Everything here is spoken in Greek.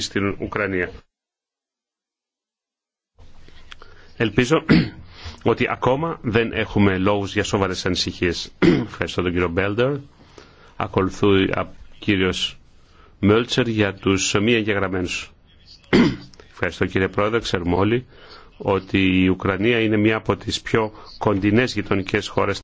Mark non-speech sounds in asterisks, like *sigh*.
στην Ουκρανία. Ελπίζω *clears throat* ότι ακόμα δεν έχουμε λόγους για σοβαρές ανησυχίες. *clears throat* Ευχαριστώ τον κύριο Μπέλντερ. Ακολουθούει ο κύριος Μέλτσερ για τους μη εγγεγραμμένους. *clears throat* Ευχαριστώ κύριε Πρόεδρε, ξέρουμε όλοι ότι η Ουκρανία είναι μία από τις πιο κοντινές γειτονικές χώρες